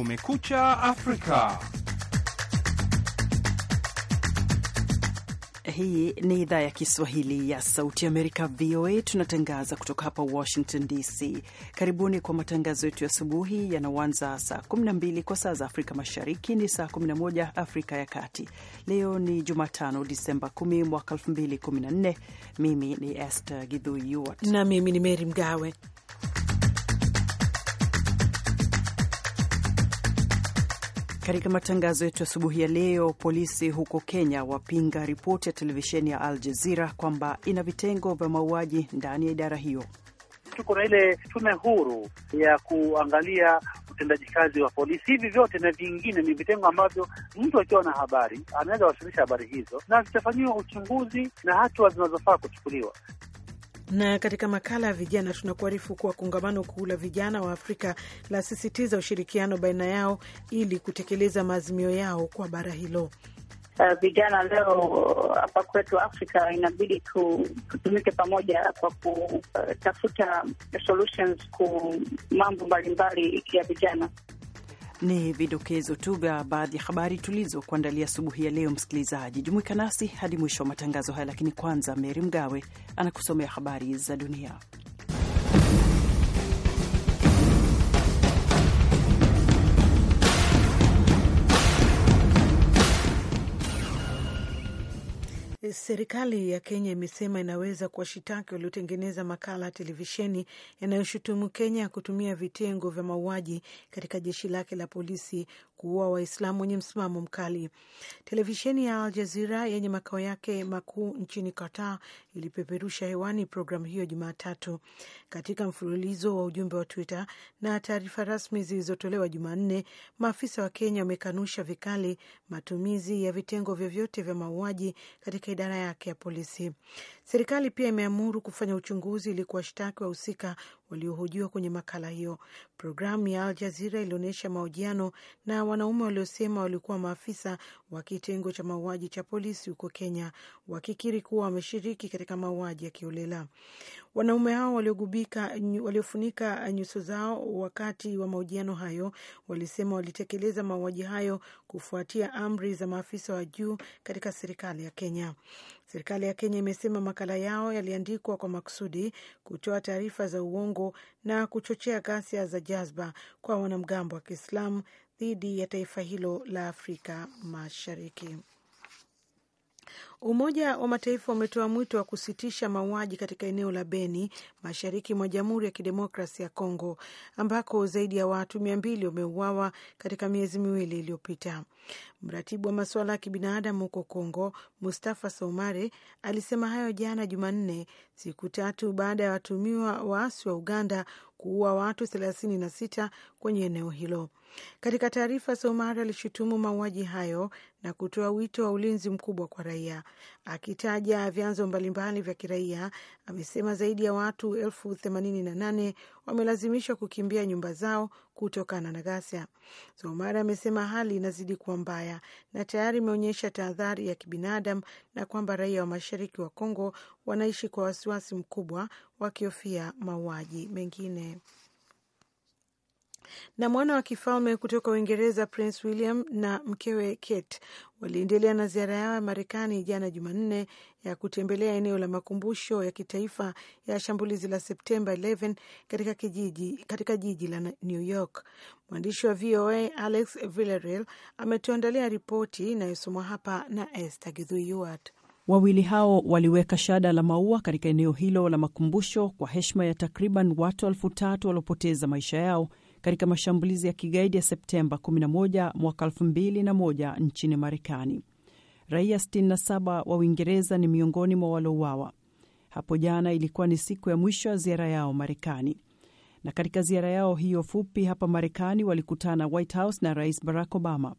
Kumekucha Afrika. Hii ni idhaa ya Kiswahili ya Sauti Amerika, VOA. Tunatangaza kutoka hapa Washington DC. Karibuni kwa matangazo yetu ya asubuhi yanaoanza saa 12 kwa saa za Afrika Mashariki, ni saa 11 Afrika ya Kati. Leo ni Jumatano, Disemba 10 mwaka 2014. Mimi ni Esther Gidhui na mimi ni mery Mgawe Katika matangazo yetu asubuhi ya leo, polisi huko Kenya wapinga ripoti ya televisheni ya Al Jazeera kwamba ina vitengo vya mauaji ndani ya idara hiyo. Tuko na ile tume huru ya kuangalia utendaji kazi wa polisi. Hivi vyote na vingine ni vitengo ambavyo mtu akiwa na habari anaweza wasilisha habari hizo, na zitafanyiwa uchunguzi na hatua zinazofaa kuchukuliwa. Na katika makala ya vijana tunakuarifu kuwa kongamano kuu la vijana wa Afrika lasisitiza ushirikiano baina yao ili kutekeleza maazimio yao kwa bara hilo. Uh, vijana leo uh, hapa kwetu Afrika inabidi tutumike pamoja kwa kutafuta uh, solutions ku mambo mbalimbali ya vijana. Ni vidokezo tu vya baadhi ya habari tulizokuandalia asubuhi ya leo. Msikilizaji, jumuika nasi hadi mwisho wa matangazo haya, lakini kwanza, Meri Mgawe anakusomea habari za dunia. Serikali ya Kenya imesema inaweza kuwashitaki waliotengeneza makala ya televisheni yanayoshutumu Kenya kutumia vitengo vya mauaji katika jeshi lake la polisi kuua Waislamu wenye msimamo mkali. Televisheni ya Al Jazira yenye makao yake makuu nchini Qatar ilipeperusha hewani programu hiyo Jumatatu katika mfululizo wa ujumbe wa Twitter na taarifa rasmi zilizotolewa Jumanne. Maafisa wa Kenya wamekanusha vikali matumizi ya vitengo vyovyote vya mauaji katika badala yake é ya polisi. Serikali pia imeamuru kufanya uchunguzi ili kuwashtaki wahusika waliohojiwa kwenye makala hiyo. Programu ya Al Jazira ilionyesha mahojiano na wanaume waliosema walikuwa maafisa wa kitengo cha mauaji cha polisi huko Kenya, wakikiri kuwa wameshiriki katika mauaji ya kiolela. Wanaume hao waliogubika, waliofunika nyuso zao wakati wa mahojiano hayo, walisema walitekeleza mauaji hayo kufuatia amri za maafisa wa juu katika serikali ya Kenya. Serikali ya Kenya imesema makala yao yaliandikwa kwa makusudi kutoa taarifa za uongo na kuchochea ghasia za jazba kwa wanamgambo wa Kiislamu dhidi ya taifa hilo la Afrika Mashariki. Umoja wa Mataifa umetoa mwito wa kusitisha mauaji katika eneo la Beni, mashariki mwa Jamhuri ya Kidemokrasi ya Kongo, ambako zaidi ya watu mia mbili wameuawa katika miezi miwili iliyopita. Mratibu wa masuala ya kibinadamu huko Kongo, Mustafa Soumare, alisema hayo jana Jumanne, siku tatu baada ya watumiwa waasi wa Uganda kuua watu thelathini na sita kwenye eneo hilo. Katika taarifa, Somari alishutumu mauaji hayo na kutoa wito wa ulinzi mkubwa kwa raia. Akitaja vyanzo mbalimbali vya kiraia, amesema zaidi ya watu elfu themanini na nane wamelazimishwa kukimbia nyumba zao kutokana na ghasia. Somari amesema hali inazidi kuwa mbaya na tayari imeonyesha tahadhari ya kibinadamu na kwamba raia wa mashariki wa Kongo wanaishi kwa wasiwasi mkubwa wakihofia mauaji mengine. Na mwana wa kifalme kutoka Uingereza Prince William na mkewe Kate waliendelea na ziara yao ya Marekani jana Jumanne ya kutembelea eneo la makumbusho ya kitaifa ya shambulizi la Septemba 11 katika kijiji, katika jiji la New York. Mwandishi wa VOA Alex Villarreal ametuandalia ripoti inayosomwa hapa na Esther Githuiwat. Wawili hao waliweka shada la maua katika eneo hilo la makumbusho kwa heshima ya takriban watu elfu tatu waliopoteza maisha yao katika mashambulizi ya kigaidi ya Septemba 11 mwaka 2001 nchini Marekani. Raia 67 wa Uingereza ni miongoni mwa walouawa. Hapo jana ilikuwa ni siku ya mwisho ya ziara yao Marekani, na katika ziara yao hiyo fupi hapa Marekani walikutana White House na Rais Barack Obama.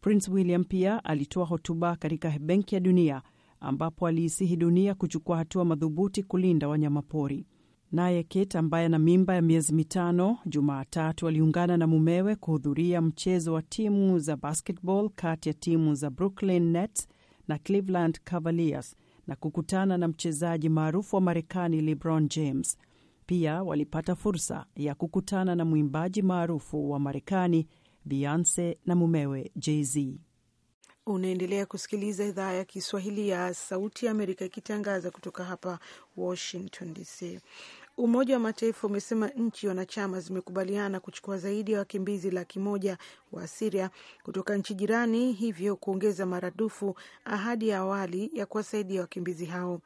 Prince William pia alitoa hotuba katika Benki ya Dunia ambapo aliisihi dunia kuchukua hatua madhubuti kulinda wanyamapori. Naye Kate ambaye ana mimba ya miezi mitano, Jumatatu aliungana na mumewe kuhudhuria mchezo wa timu za basketball kati ya timu za Brooklyn Nets na Cleveland Cavaliers na kukutana na mchezaji maarufu wa Marekani LeBron James. Pia walipata fursa ya kukutana na mwimbaji maarufu wa Marekani Beyonce na mumewe Jay-Z. Unaendelea kusikiliza idhaa ya Kiswahili ya Sauti ya Amerika ikitangaza kutoka hapa Washington DC. Umoja wa Mataifa umesema nchi wanachama zimekubaliana kuchukua zaidi ya wakimbizi laki moja wa Siria kutoka nchi jirani, hivyo kuongeza maradufu ahadi ya awali ya kuwasaidia wakimbizi hao.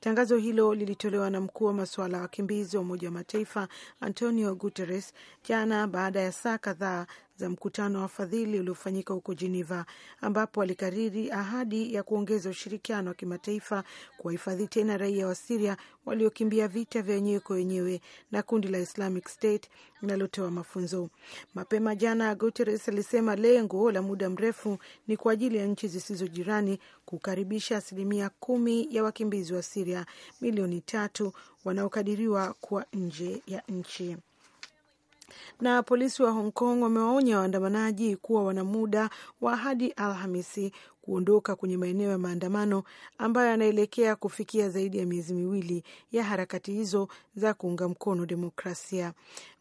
Tangazo hilo lilitolewa na mkuu wa masuala ya wakimbizi wa Umoja wa Mataifa Antonio Guterres jana baada ya saa kadhaa za mkutano wa fadhili uliofanyika huko Geneva, ambapo alikariri ahadi ya kuongeza ushirikiano wa kimataifa kuwahifadhi tena raia wa Siria waliokimbia vita vya wenyewe kwa wenyewe na kundi la Islamic State linalotoa mafunzo. Mapema jana, Guterres alisema lengo la muda mrefu ni kwa ajili ya nchi zisizo jirani kukaribisha asilimia kumi ya wakimbizi wa Siria milioni tatu wanaokadiriwa kuwa nje ya nchi na polisi wa Hong Kong wamewaonya waandamanaji kuwa wana muda wa hadi Alhamisi kuondoka kwenye maeneo ya maandamano ambayo yanaelekea kufikia zaidi ya miezi miwili ya harakati hizo za kuunga mkono demokrasia.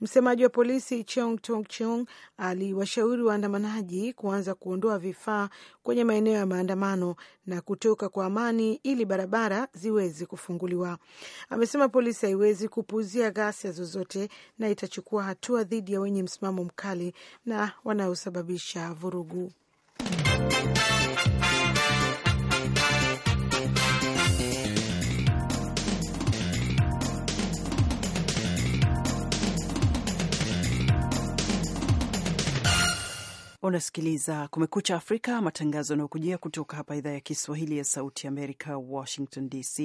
Msemaji wa polisi Cheong Tong Cheong aliwashauri waandamanaji kuanza kuondoa vifaa kwenye maeneo ya maandamano na kutoka kwa amani ili barabara ziweze kufunguliwa. Amesema polisi haiwezi kupuuzia ghasia zozote na itachukua hatua dhidi ya wenye msimamo mkali na wanaosababisha vurugu. Unasikiliza Kumekucha Afrika, matangazo yanayokujia kutoka hapa idhaa ya Kiswahili ya Sauti Amerika, Washington DC.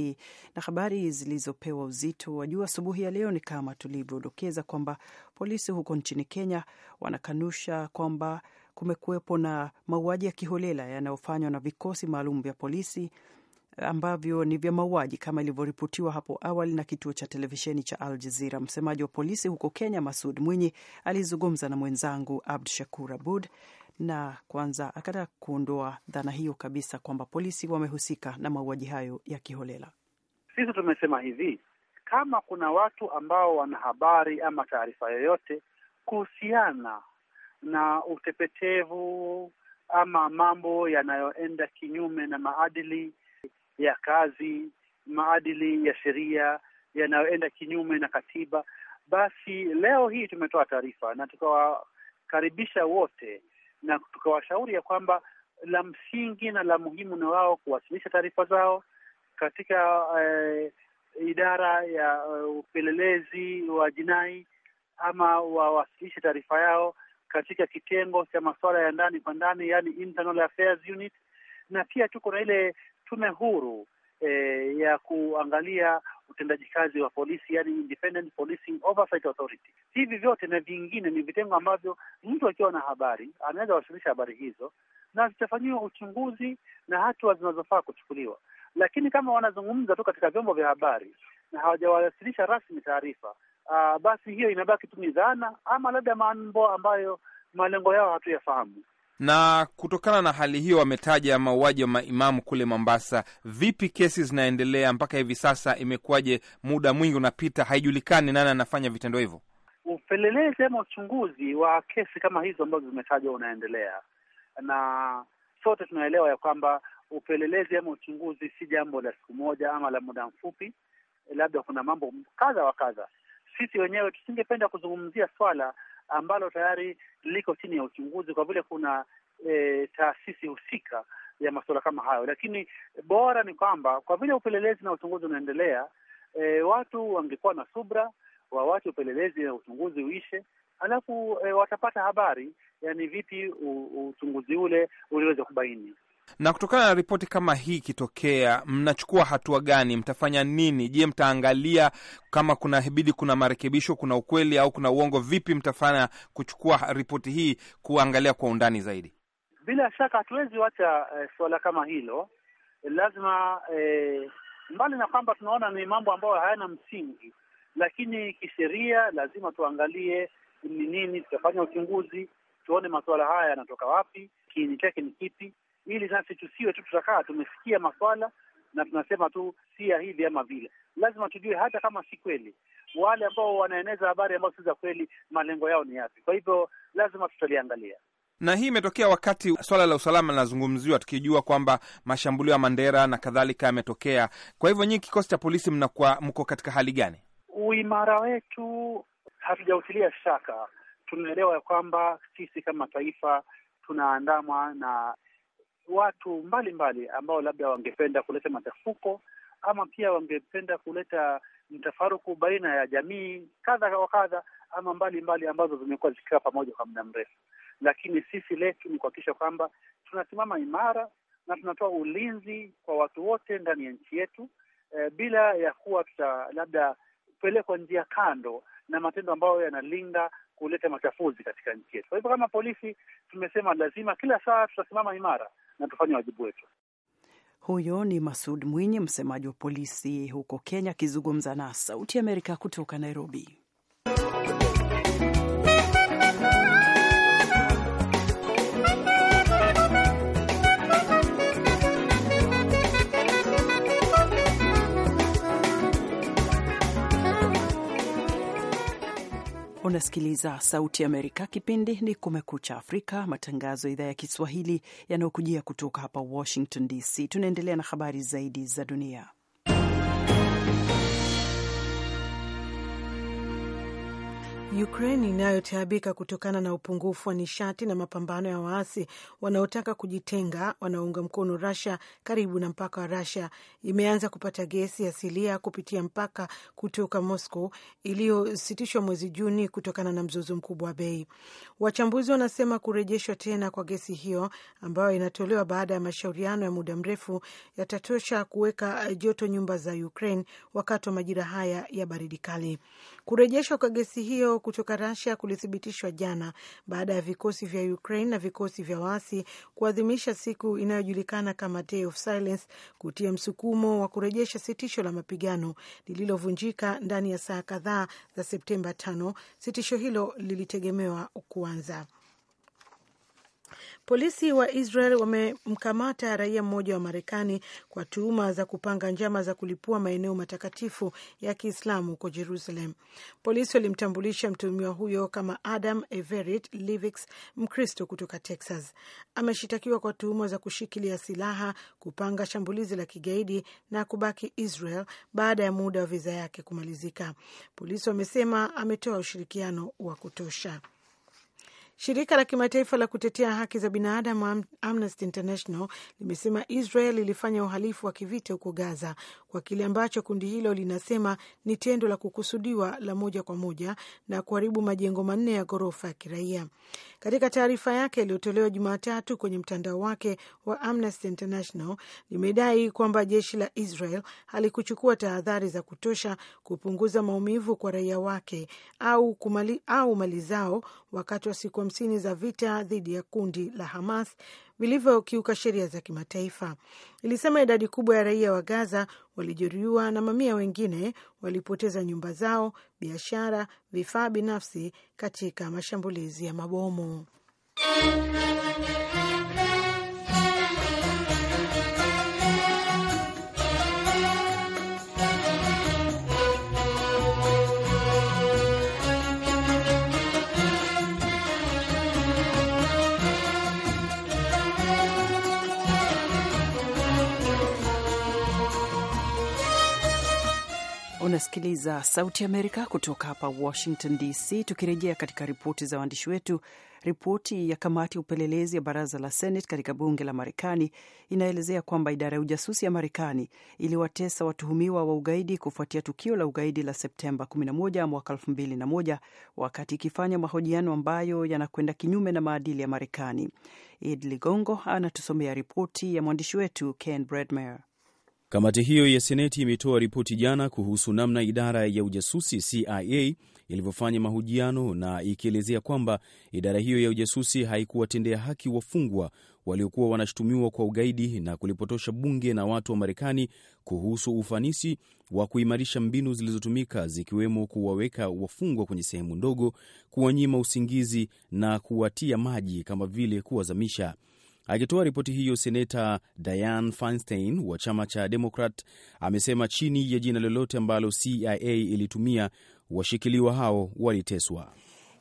Na habari zilizopewa uzito wa juu asubuhi ya leo ni kama tulivyodokeza kwamba polisi huko nchini Kenya wanakanusha kwamba kumekuwepo na mauaji ya kiholela yanayofanywa na vikosi maalum vya polisi ambavyo ni vya mauaji kama ilivyoripotiwa hapo awali na kituo cha televisheni cha Al Jazeera. Msemaji wa polisi huko Kenya, Masud Mwinyi, alizungumza na mwenzangu abd Shakur Abud na kwanza akataka kuondoa dhana hiyo kabisa kwamba polisi wamehusika na mauaji hayo ya kiholela. Sisi tumesema hivi, kama kuna watu ambao wana habari ama taarifa yoyote kuhusiana na utepetevu ama mambo yanayoenda kinyume na maadili ya kazi, maadili ya sheria yanayoenda kinyume na katiba. Basi leo hii tumetoa taarifa na tukawakaribisha wote na tukawashauri ya kwamba la msingi na la muhimu na wao kuwasilisha taarifa zao katika eh, idara ya eh, upelelezi wa jinai ama wawasilishe taarifa yao katika kitengo cha masuala ya ndani kwa ndani, yani internal affairs unit, na pia tuko na ile tume huru e, ya kuangalia utendaji kazi wa polisi, yani Independent Policing Oversight Authority. Hivi vyote na vingine ni vitengo ambavyo mtu akiwa na habari anaweza wasilisha habari hizo na zitafanyiwa uchunguzi na hatua zinazofaa kuchukuliwa. Lakini kama wanazungumza tu katika vyombo vya habari na hawajawasilisha rasmi taarifa, uh, basi hiyo inabaki tu ni dhana ama labda mambo ambayo malengo yao hatuyafahamu. Na kutokana na hali hiyo, wametaja mauaji wa maimamu kule Mombasa. Vipi kesi zinaendelea mpaka hivi sasa? Imekuwaje? Muda mwingi unapita, haijulikani nani anafanya vitendo hivyo. Upelelezi ama uchunguzi wa kesi kama hizo ambazo zimetajwa unaendelea, na sote tunaelewa ya kwamba upelelezi ama uchunguzi si jambo la siku moja ama la muda mfupi, labda kuna mambo kadha wa kadha sisi wenyewe tusingependa kuzungumzia swala ambalo tayari liko chini ya uchunguzi kwa vile kuna e, taasisi husika ya masuala kama hayo, lakini bora ni kwamba kwa vile upelelezi na uchunguzi unaendelea, e, watu wangekuwa na subra, wawache upelelezi na uchunguzi uishe, alafu e, watapata habari, yani vipi uchunguzi ule uliweza kubaini na kutokana na ripoti kama hii ikitokea, mnachukua hatua gani? Mtafanya nini? Je, mtaangalia kama kuna bidi, kuna marekebisho, kuna ukweli au kuna uongo? Vipi mtafanya kuchukua ripoti hii kuangalia kwa undani zaidi? Bila shaka hatuwezi wacha eh, suala kama hilo lazima eh, mbali na kwamba tunaona ni mambo ambayo hayana msingi, lakini kisheria lazima tuangalie ni nini. Tutafanya uchunguzi tuone masuala haya yanatoka wapi, kiini chake ni kipi, ili sasa tusiwe tu tutakaa tumesikia maswala na tunasema tu si ya hivi ama vile. Lazima tujue hata kama si kweli, wale ambao wanaeneza habari ambazo si za kweli, malengo yao ni yapi? Kwa hivyo lazima tutaliangalia na hii imetokea wakati swala la usalama linazungumziwa, tukijua kwamba mashambulio ya Mandera na kadhalika yametokea. Kwa hivyo nyinyi, kikosi cha polisi, mnakuwa mko katika hali gani? Uimara wetu hatujautilia shaka. Tunaelewa ya kwamba sisi kama taifa tunaandamwa na watu mbalimbali ambao labda wangependa kuleta machafuko ama pia wangependa kuleta mtafaruku baina ya jamii kadha wa kadha ama mbalimbali mbali ambazo zimekuwa zikikaa pamoja kwa muda mrefu, lakini sisi letu ni kuhakikisha kwamba tunasimama imara na tunatoa ulinzi kwa watu wote ndani ya nchi yetu e, bila ya kuwa tuta labda pelekwa njia kando na matendo ambayo yanalinda kuleta machafuzi katika nchi yetu. Kwa hivyo, kama polisi tumesema lazima kila saa tutasimama imara na tufanye wajibu wetu. Huyo ni Masud Mwinyi, msemaji wa polisi huko Kenya, akizungumza na Sauti ya Amerika kutoka Nairobi. Unasikiliza Sauti Amerika, kipindi ni Kumekucha Afrika, matangazo ya idhaa ya Kiswahili yanayokujia kutoka hapa Washington DC. Tunaendelea na habari zaidi za dunia. Ukraine inayotaabika kutokana na upungufu wa nishati na mapambano ya waasi wanaotaka kujitenga wanaounga mkono Russia karibu na mpaka wa Russia imeanza kupata gesi asilia kupitia mpaka kutoka Moscow iliyositishwa mwezi Juni kutokana na mzozo mkubwa wa bei. Wachambuzi wanasema kurejeshwa tena kwa gesi hiyo ambayo inatolewa baada ya mashauriano ya muda mrefu yatatosha kuweka eh, joto nyumba za Ukraine wakati wa majira haya ya baridi kali. Kurejeshwa kwa gesi hiyo kutoka Russia kulithibitishwa jana baada ya vikosi vya Ukraine na vikosi vya waasi kuadhimisha siku inayojulikana kama Day of Silence kutia msukumo wa kurejesha sitisho la mapigano lililovunjika ndani ya saa kadhaa za Septemba tano. Sitisho hilo lilitegemewa kuwa kuanza. Polisi wa Israel wamemkamata raia mmoja wa Marekani kwa tuhuma za kupanga njama za kulipua maeneo matakatifu ya Kiislamu huko Jerusalem. Polisi walimtambulisha mtuhumiwa huyo kama Adam Everett Livix, Mkristo kutoka Texas. Ameshitakiwa kwa tuhuma za kushikilia silaha, kupanga shambulizi la kigaidi na kubaki Israel baada ya muda wa viza yake kumalizika. Polisi wamesema ametoa ushirikiano wa kutosha. Shirika la kimataifa la kutetea haki za binadamu Amnesty International limesema Israel ilifanya uhalifu wa kivita huko Gaza kwa kile ambacho kundi hilo linasema ni tendo la kukusudiwa la moja kwa moja na kuharibu majengo manne ya ghorofa ya kiraia. Katika taarifa yake iliyotolewa Jumatatu kwenye mtandao wake wa Amnesty International limedai kwamba jeshi la Israel halikuchukua tahadhari za kutosha kupunguza maumivu kwa raia wake au mali zao wakati wa siku hamsini za vita dhidi ya kundi la Hamas vilivyokiuka sheria za kimataifa. Ilisema idadi kubwa ya raia wa Gaza walijeruhiwa na mamia wengine walipoteza nyumba zao, biashara, vifaa binafsi katika mashambulizi ya mabomu. Unasikiliza Sauti Amerika kutoka hapa Washington DC. Tukirejea katika ripoti za waandishi wetu, ripoti ya kamati ya upelelezi ya baraza la Senate katika bunge la Marekani inaelezea kwamba idara ya ujasusi ya Marekani iliwatesa watuhumiwa wa ugaidi kufuatia tukio la ugaidi la Septemba 11 mwaka 2001 wakati ikifanya mahojiano ambayo yanakwenda kinyume na maadili ya Marekani. Id Ligongo anatusomea ripoti ya mwandishi wetu Ken Bredmer. Kamati hiyo ya Seneti imetoa ripoti jana kuhusu namna idara ya ujasusi CIA ilivyofanya mahojiano na ikielezea kwamba idara hiyo ya ujasusi haikuwatendea haki wafungwa waliokuwa wanashutumiwa kwa ugaidi na kulipotosha bunge na watu wa Marekani kuhusu ufanisi wa kuimarisha mbinu zilizotumika zikiwemo kuwaweka wafungwa kwenye sehemu ndogo, kuwanyima usingizi na kuwatia maji kama vile kuwazamisha. Akitoa ripoti hiyo, seneta Dianne Feinstein wa chama cha Demokrat amesema chini ya jina lolote ambalo CIA ilitumia, washikiliwa hao waliteswa.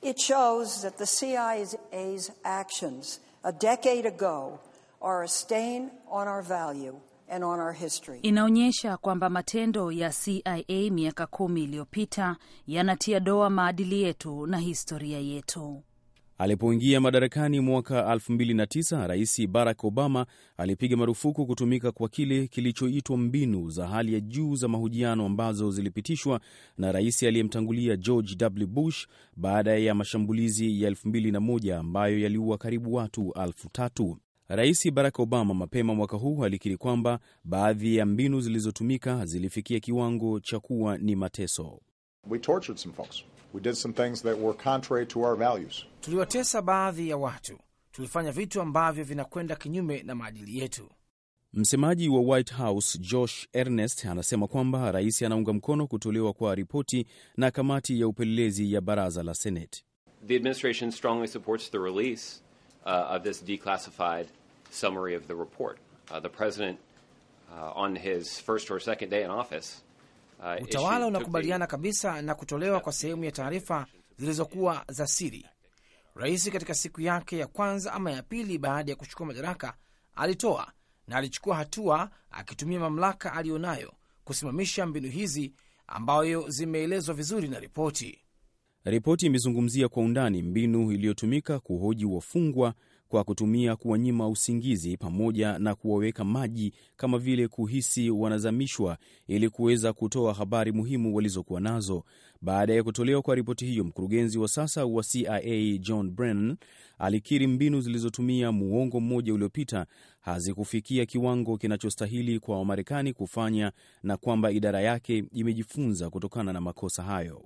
It shows that the CIA's actions a decade ago are a stain on our value. And on our history. Inaonyesha kwamba matendo ya CIA miaka kumi iliyopita yanatia doa maadili yetu na historia yetu. Alipoingia madarakani mwaka 2009 Rais Barack Obama alipiga marufuku kutumika kwa kile kilichoitwa mbinu za hali ya juu za mahojiano ambazo zilipitishwa na rais aliyemtangulia George W. Bush baada ya mashambulizi ya 2001 ambayo yaliua karibu watu elfu tatu. Rais Barack Obama mapema mwaka huu alikiri kwamba baadhi ya mbinu zilizotumika zilifikia kiwango cha kuwa ni mateso. We tortured some folks. We did some things that were contrary to our values. Tuliwatesa baadhi ya watu, tulifanya vitu ambavyo vinakwenda kinyume na maadili yetu. Msemaji wa White House Josh Ernest anasema kwamba rais anaunga mkono kutolewa kwa ripoti na kamati ya upelelezi ya baraza la Senate. The administration strongly supports the release uh, of this declassified summary of the report. Uh, the president uh, on his first or second day in office uh, utawala unakubaliana kabisa na kutolewa kwa sehemu ya taarifa zilizokuwa za siri. Rais katika siku yake ya kwanza ama ya pili baada ya kuchukua madaraka alitoa na alichukua hatua akitumia mamlaka aliyonayo kusimamisha mbinu hizi ambayo zimeelezwa vizuri na ripoti. Ripoti imezungumzia kwa undani mbinu iliyotumika kuhoji wafungwa kwa kutumia kuwanyima usingizi pamoja na kuwaweka maji kama vile kuhisi wanazamishwa ili kuweza kutoa habari muhimu walizokuwa nazo. Baada ya kutolewa kwa ripoti hiyo, mkurugenzi wa sasa wa CIA John Brennan alikiri mbinu zilizotumia muongo mmoja uliopita hazikufikia kiwango kinachostahili kwa Wamarekani kufanya na kwamba idara yake imejifunza kutokana na makosa hayo.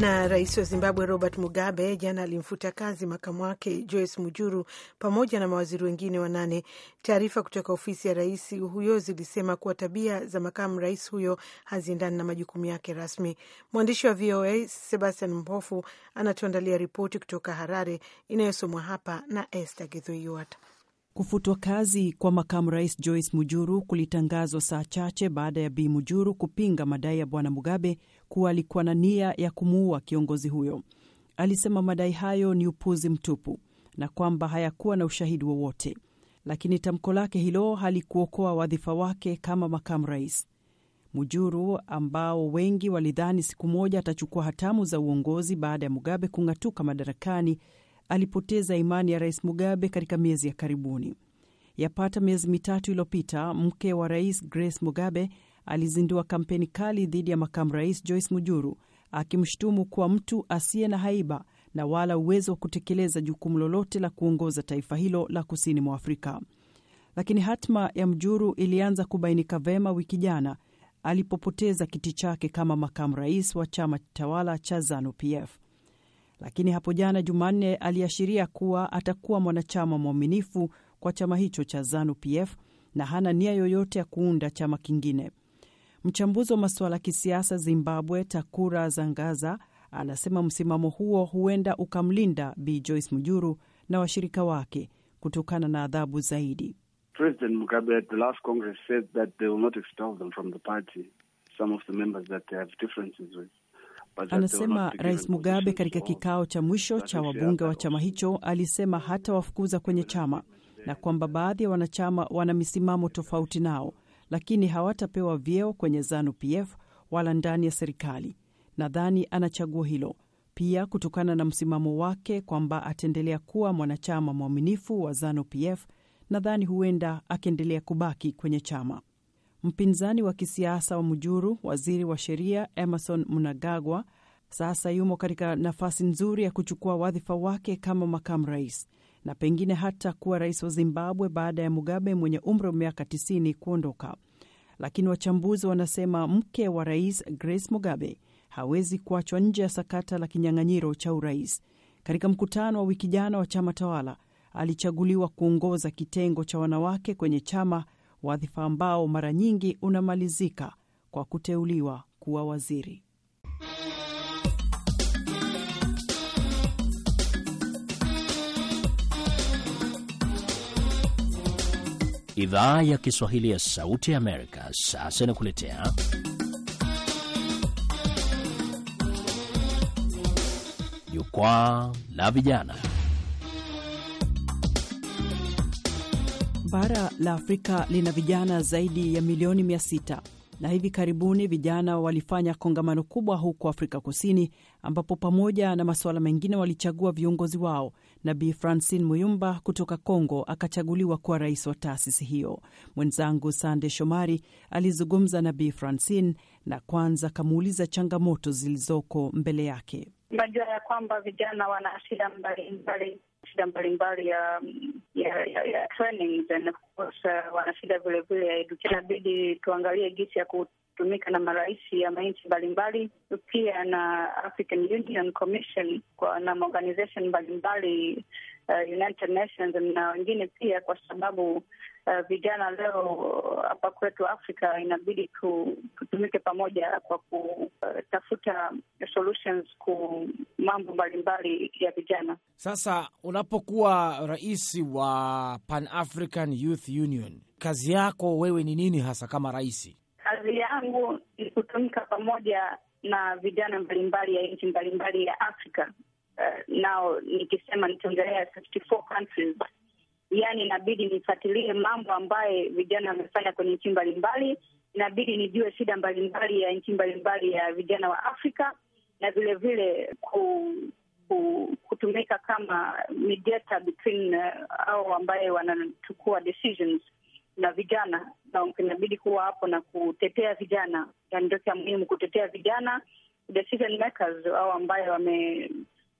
Na rais wa Zimbabwe Robert Mugabe jana alimfuta kazi makamu wake Joyce Mujuru pamoja na mawaziri wengine wanane. Taarifa kutoka ofisi ya rais huyo zilisema kuwa tabia za makamu rais huyo haziendani na majukumu yake rasmi. Mwandishi wa VOA Sebastian Mpofu anatuandalia ripoti kutoka Harare inayosomwa hapa na Esther Githuiwat. Kufutwa kazi kwa makamu rais Joyce Mujuru kulitangazwa saa chache baada ya Bi Mujuru kupinga madai ya Bwana Mugabe kuwa alikuwa na nia ya kumuua kiongozi huyo. Alisema madai hayo ni upuzi mtupu na kwamba hayakuwa na ushahidi wowote, lakini tamko lake hilo halikuokoa wadhifa wake kama makamu rais. Mujuru, ambao wengi walidhani siku moja atachukua hatamu za uongozi baada ya Mugabe kung'atuka madarakani, alipoteza imani ya rais Mugabe katika miezi ya karibuni. Yapata miezi mitatu iliyopita, mke wa rais Grace Mugabe alizindua kampeni kali dhidi ya makamu rais Joyce Mujuru akimshutumu kuwa mtu asiye na haiba na wala uwezo wa kutekeleza jukumu lolote la kuongoza taifa hilo la kusini mwa Afrika. Lakini hatma ya Mjuru ilianza kubainika vema wiki jana alipopoteza kiti chake kama makamu rais wa chama tawala cha ZANU-PF. Lakini hapo jana Jumanne aliashiria kuwa atakuwa mwanachama mwaminifu kwa chama hicho cha ZANU-PF na hana nia yoyote ya kuunda chama kingine. Mchambuzi wa masuala ya kisiasa Zimbabwe, Takura Zangaza, anasema msimamo huo huenda ukamlinda Bi Joyce Mujuru na washirika wake kutokana na adhabu zaidi. President Mugabe at the last Congress said that they will not expel them from the party. Some of the members that they have differences with. Anasema Rais Mugabe katika kikao cha mwisho cha wabunge wa chama hicho alisema hata wafukuza kwenye chama na kwamba baadhi ya wanachama wana misimamo tofauti nao lakini hawatapewa vyeo kwenye ZANU-PF wala ndani ya serikali. Nadhani ana chaguo hilo pia kutokana na msimamo wake kwamba ataendelea kuwa mwanachama mwaminifu wa ZANU-PF. Nadhani huenda akiendelea kubaki kwenye chama. Mpinzani wa kisiasa wa Mujuru, waziri wa sheria Emerson Mnangagwa, sasa yumo katika nafasi nzuri ya kuchukua wadhifa wake kama makamu rais na pengine hata kuwa rais wa Zimbabwe baada ya Mugabe mwenye umri wa miaka 90 kuondoka. Lakini wachambuzi wanasema mke wa rais Grace Mugabe hawezi kuachwa nje ya sakata la kinyang'anyiro cha urais. Katika mkutano wa wiki jana wa chama tawala, alichaguliwa kuongoza kitengo cha wanawake kwenye chama, wadhifa ambao mara nyingi unamalizika kwa kuteuliwa kuwa waziri. Idhaa ya Kiswahili ya Sauti ya Amerika sasa inakuletea Jukwaa la Vijana. Bara la Afrika lina vijana zaidi ya milioni 600 na hivi karibuni vijana walifanya kongamano kubwa huko Afrika Kusini, ambapo pamoja na masuala mengine walichagua viongozi wao, na Bi Francine Muyumba kutoka congo akachaguliwa kuwa rais wa taasisi hiyo. Mwenzangu Sande Shomari alizungumza na Bi Francine na kwanza akamuuliza changamoto zilizoko mbele yake. Najua ya kwamba vijana wana shida mbalimbali shida mbalimbali ya ya, ya, ya trainings and of course uh, wana shida vile vile ya education. Inabidi tuangalie gisi ya kutumika na marais ya manchi mbalimbali, pia na African Union Commission kwa na organization mbalimbali uh, United Nations na wengine pia, kwa sababu uh, vijana leo hapa kwetu Afrika inabidi tu, tutumike pamoja kwa kutafuta uh, solutions ku mambo mbalimbali ya vijana. Sasa unapokuwa rais wa Pan African Youth Union, kazi yako wewe ni nini hasa kama rais? Kazi yangu ni kutumika pamoja na vijana mbalimbali ya nchi mbalimbali ya Afrika Eh, nao nikisema nitaongelea 54 countries, yaani inabidi nifuatilie mambo ambaye vijana wamefanya kwenye nchi mbalimbali, inabidi nijue shida mbalimbali ya nchi mbalimbali ya vijana wa Afrika na vilevile ku, ku, kutumika kama mediator between eh, hao ambaye wanachukua decisions na vijana na inabidi kuwa hapo na kutetea vijana, yani ndio cha muhimu, kutetea vijana decision makers au ambayo wame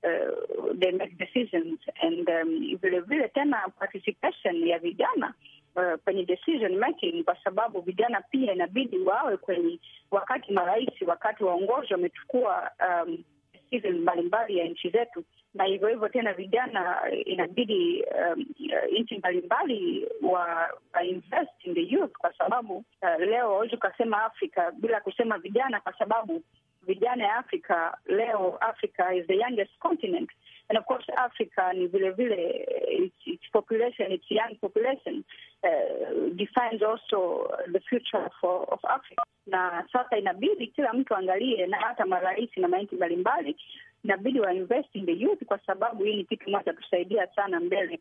uh, they make decisions and um, vile vile tena participation ya vijana uh, kwenye decision making, kwa sababu vijana pia inabidi wawe kwenye, wakati marais, wakati waongozi wamechukua um, decision mbalimbali ya nchi zetu, na hivyo hivyo tena vijana uh, inabidi um, uh, nchi mbalimbali wa uh, invest in the youth, kwa sababu uh, leo wawezi ukasema Afrika bila kusema vijana, kwa sababu vijana ya Afrika leo, Africa is the youngest continent and of course Africa ni vile vile eh, its, its population its young population uh, defines also the future for, of Africa. Na sasa inabidi kila mtu angalie, na hata marais na manchi mbalimbali inabidi wa invest in the youth, kwa sababu hii ni kitu moja tusaidia sana mbele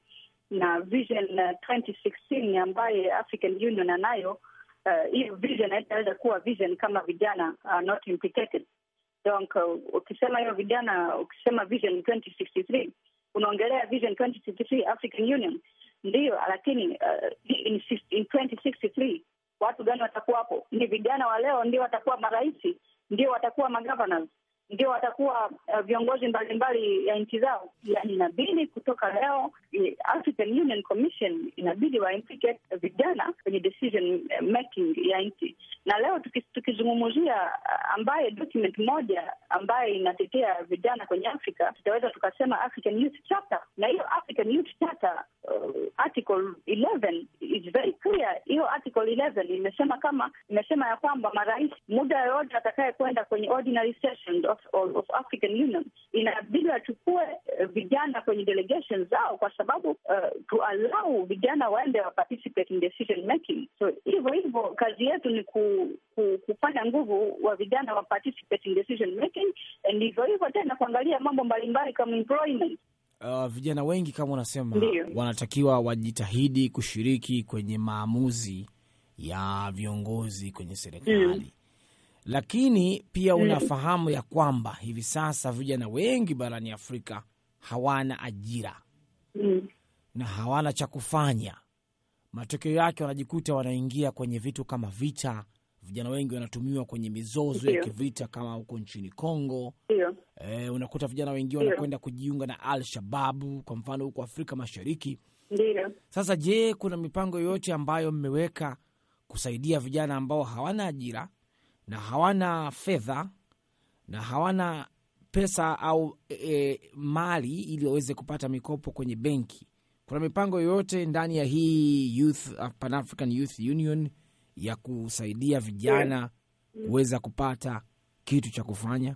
na vision uh, eh, 2016 ambaye African Union anayo hiyo uh, vision haitaweza kuwa vision kama vijana are not implicated. Donc ukisema hiyo vijana, ukisema Vision 2063 unaongelea Vision 2063 African Union ndiyo, lakini uh, in, in 2063 watu gani watakuwa hapo? Ni vijana wa leo ndio watakuwa marais, ndio watakuwa magovernors viongozi mbalimbali ya nchi zao, yani inabidi kutoka leo eh, African Union Commission inabidi waimplicate vijana kwenye decision making ya nchi. Na leo tukizungumzia eh, ambaye document moja ambaye inatetea vijana kwenye Afrika, tutaweza tukasema African Youth Charter, na hiyo African Youth Charter uh, article 11 is very clear. Hiyo article 11 imesema kama imesema ya kwamba marais muda yoyote atakaye kwenda kwenye ordinary sessions of, of, of African Union inabidi wachukue uh, eh, vijana kwenye delegation zao, kwa sababu uh, to allow vijana waende wa participate in decision making. So hivyo hivyo kazi yetu ni ku, ku, kufanya nguvu wa vijana wa participate in decision making, and hivyo hivyo tena kuangalia mambo mbalimbali kama employment uh, vijana wengi kama unasema Ndiyo. wanatakiwa wajitahidi kushiriki kwenye maamuzi ya viongozi kwenye serikali mm. Lakini pia mm. unafahamu ya kwamba hivi sasa vijana wengi barani Afrika hawana ajira mm. na hawana cha kufanya. Matokeo yake wanajikuta wanaingia kwenye vitu kama vita vijana wengi wanatumiwa kwenye mizozo ya kivita kama huko nchini Kongo. E, unakuta vijana wengi wanakwenda kujiunga na Al Shababu kwa mfano huko Afrika Mashariki. Ndiyo. Sasa je, kuna mipango yoyote ambayo mmeweka kusaidia vijana ambao hawana ajira na hawana fedha na hawana pesa au e, mali ili waweze kupata mikopo kwenye benki? Kuna mipango yoyote ndani ya hii Youth Pan African Youth Union ya kusaidia vijana mm. Mm. kuweza kupata kitu cha kufanya?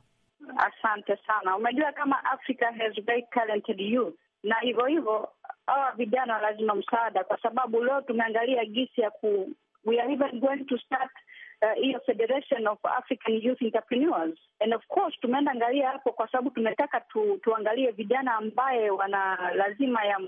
Asante sana. Umejua kama Africa has very talented youth, na hivyo hivyo hawa vijana lazima msaada, kwa sababu leo tumeangalia gisi ya ku we are even going to start uh, hiyo uh, Federation of African Youth Entrepreneurs and of course tumeenda angalia hapo, kwa sababu tumetaka tu, tuangalie vijana ambaye wana lazima ya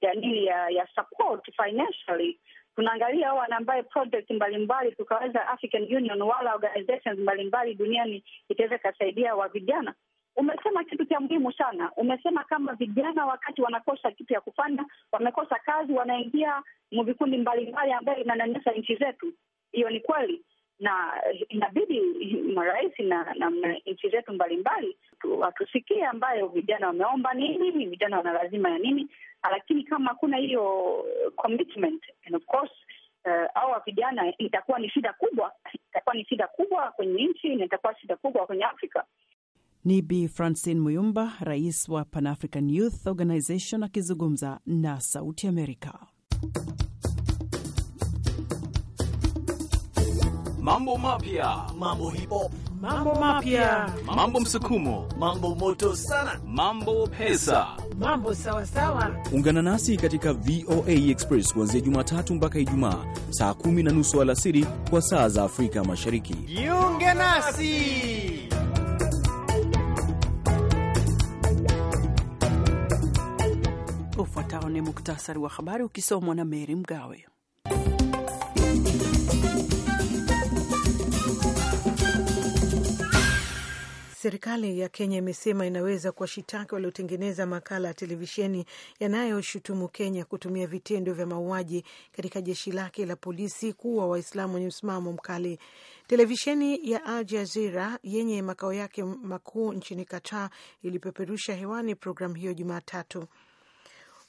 ya nini ya, ya support financially tunaangalia au ambaye project mbalimbali tukaweza African Union wala organizations mbalimbali duniani itaweza ikasaidia wa vijana. Umesema kitu cha muhimu sana. Umesema kama vijana wakati wanakosa kitu ya kufanya, wamekosa kazi, wanaingia mvikundi mbalimbali ambayo inanyanyasa nchi zetu. Hiyo ni kweli, na inabidi marais na, na, na nchi zetu mbalimbali watusikie ambayo vijana wameomba nini, vijana wana lazima ya nini, lakini kama hakuna hiyo commitment and of course uh, uh, vijana itakuwa ni shida kubwa, itakuwa ni shida kubwa kwenye nchi na itakuwa shida kubwa kwenye Afrika. Ni Bi Francine Muyumba, rais wa Pan African Youth Organization, akizungumza na Sauti Amerika. mambo mapya, mambo hipo, mambo mapya, mambo msukumo, mambo moto sana, mambo pesa, mambo sawa sawa. Ungana nasi katika VOA Express kuanzia Jumatatu mpaka Ijumaa saa kumi na nusu alasiri kwa saa za Afrika Mashariki. Jiunge nasi. Ufuatao ni muktasari wa habari ukisomwa na Meri Mgawe. Serikali ya Kenya imesema inaweza kuwashitaki waliotengeneza makala ya televisheni yanayoshutumu Kenya kutumia vitendo vya mauaji katika jeshi lake la polisi kuwa Waislamu wenye msimamo mkali. Televisheni ya Al Jazira yenye makao yake makuu nchini Qatar ilipeperusha hewani programu hiyo Jumatatu.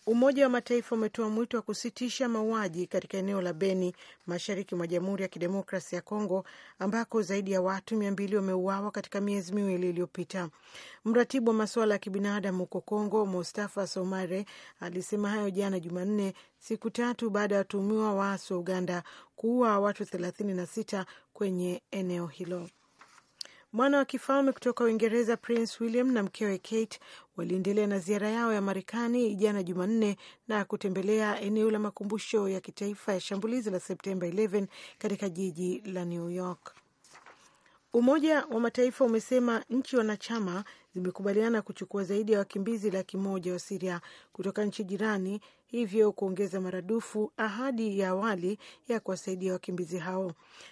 Umoja wa Mataifa umetoa mwito wa kusitisha mauaji katika eneo la Beni, mashariki mwa Jamhuri ya Kidemokrasi ya Kongo, ambako zaidi ya watu mia mbili wameuawa katika miezi miwili iliyopita. Mratibu wa masuala ya kibinadamu huko Kongo, Mustafa Somare, alisema hayo jana Jumanne, siku tatu baada ya watuhumiwa waasi wa Uganda kuua watu sita kwenye eneo hilo. Mwana wa kifalme kutoka Uingereza Prince William na mkewe Kate waliendelea na ziara yao ya Marekani jana Jumanne na kutembelea eneo la makumbusho ya kitaifa ya shambulizi la Septemba 11 katika jiji la New York. Umoja wa Mataifa umesema nchi wanachama zimekubaliana kuchukua zaidi ya wakimbizi laki moja wa Siria kutoka nchi jirani, hivyo kuongeza maradufu ahadi ya awali ya kuwasaidia wakimbizi hao.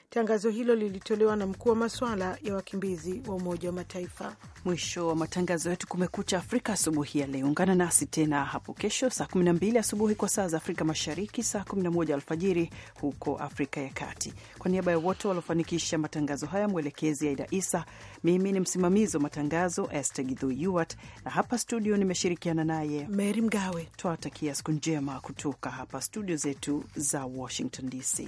Tangazo hilo lilitolewa na mkuu wa maswala ya wakimbizi wa Umoja wa Mataifa. Mwisho wa matangazo yetu Kumekucha Afrika asubuhi ya leo. Ungana nasi tena hapo kesho saa 12 asubuhi kwa saa za Afrika Mashariki, saa 11 alfajiri huko Afrika ya Kati. Kwa niaba ya wote waliofanikisha matangazo haya, mwelekezi Aida Isa, mimi ni msimamizi wa matangazo Estegidhu na hapa studio nimeshirikiana naye Meri Mgawe, twawatakia siku njema kutoka hapa studio zetu za Washington DC.